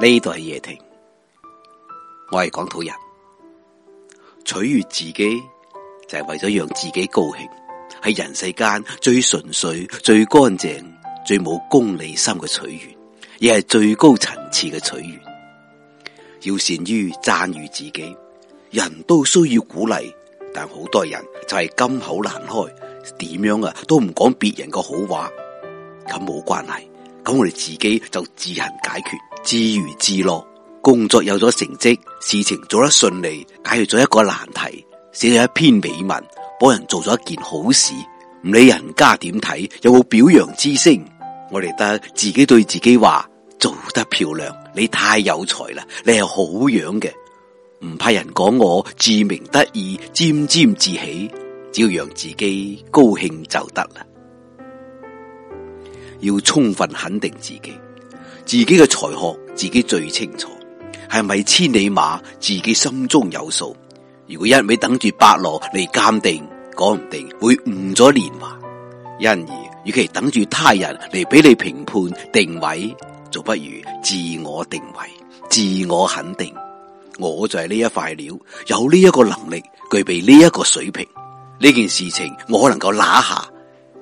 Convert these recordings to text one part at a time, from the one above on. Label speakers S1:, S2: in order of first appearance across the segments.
S1: 呢度係夜聽，我係港土人。取悅自己就係、是、為咗讓自己高興，係人世間最純粹、最乾淨、最冇功利心嘅取悅，亦係最高層次嘅取悅。要善於讚譽自己，人都需要鼓勵，但好多人就係金口難開，點樣啊都唔講別人個好話。咁冇關係，咁我哋自己就自行解決。自娛自樂，工作有咗成績，事情做得順利，解決咗一個難題，寫咗一篇美文，幫人做咗一件好事，唔理人家點睇，有冇表揚之聲，我哋得自己對自己話做得漂亮，你太有才啦，你係好樣嘅，唔怕人講我自鳴得意，沾沾自喜，只要讓自己高興就得啦，要充分肯定自己。自己嘅才學，自己最清楚，係咪千里馬？自己心中有數。如果一味等住伯樂嚟鑑定，講唔定會誤咗年華。因而，與其等住他人嚟俾你評判定位，就不如自我定位、自我肯定。我就係呢一塊料，有呢一個能力，具備呢一個水平，呢件事情我能夠拿下。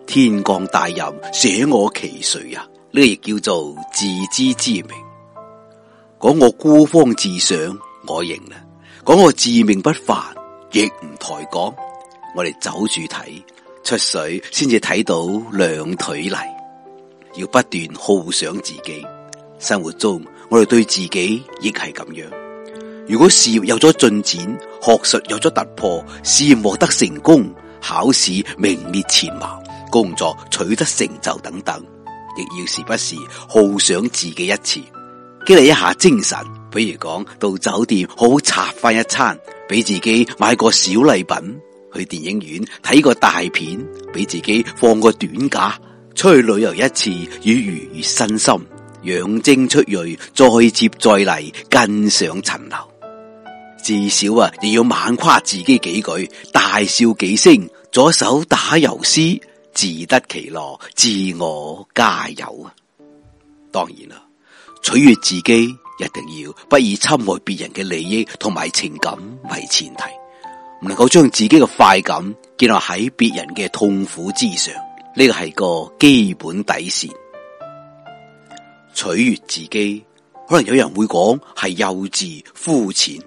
S1: 天降大任，捨我其誰啊！呢亦叫做自知之明。講我孤芳自賞，我認啦。講我自命不凡，亦唔抬講。我哋走住睇出水，先至睇到兩腿泥。要不斷好想自己。生活中，我哋對自己亦係咁樣。如果事業有咗進展，學術有咗突破，事業獲得成功，考試名列前茅，工作取得成就等等。亦要時不時犒賞自己一次，激勵一下精神。比如講到酒店好好拆翻一餐，俾自己買個小禮品；去電影院睇個大片，俾自己放個短假，出去旅遊一次，愉悦身心，養精蓄銳，再接再厲，更上層樓。至少啊，亦要猛誇自己幾句，大笑幾聲，左手打油詩。自得其樂，自我加油啊！當然啦，取悦自己一定要不以侵害別人嘅利益同埋情感為前提，唔能夠將自己嘅快感建立喺別人嘅痛苦之上，呢個係個基本底線。取悦自己，可能有人會講係幼稚、膚淺，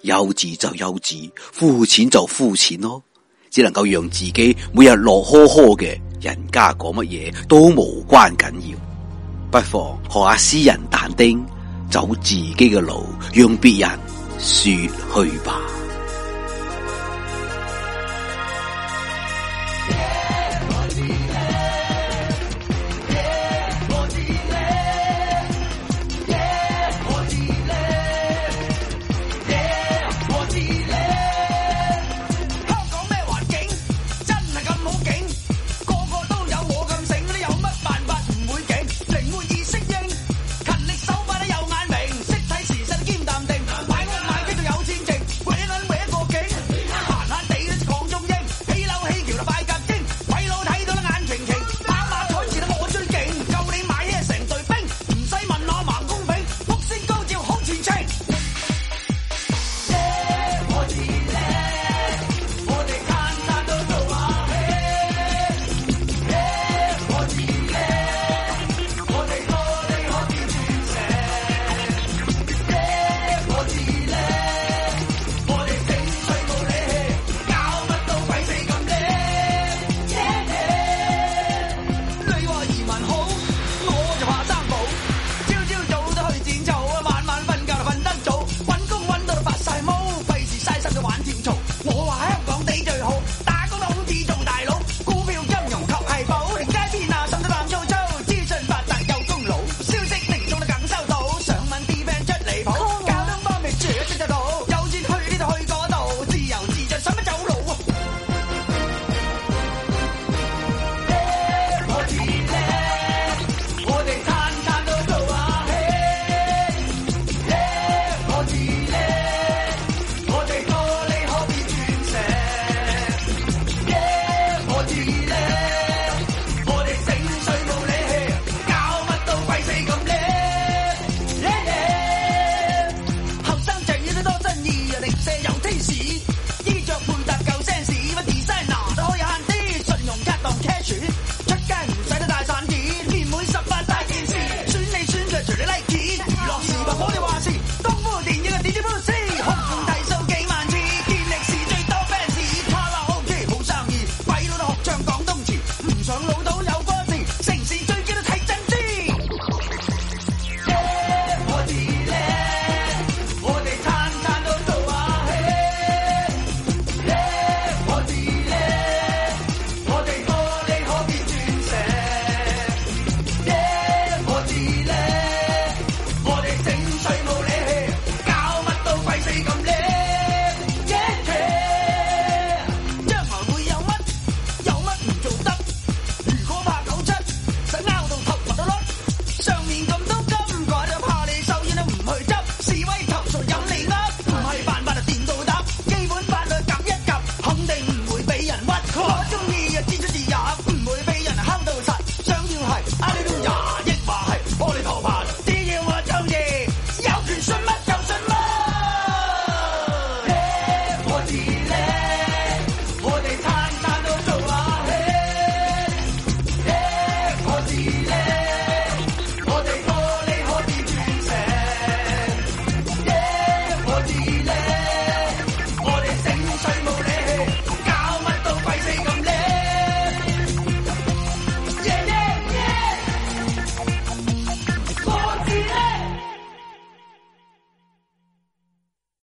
S1: 幼稚就幼稚，膚淺就膚淺咯。只能夠讓自己每日樂呵呵嘅，人家講乜嘢都無關緊要，不妨學下詩人但丁，走自己嘅路，讓別人說去吧。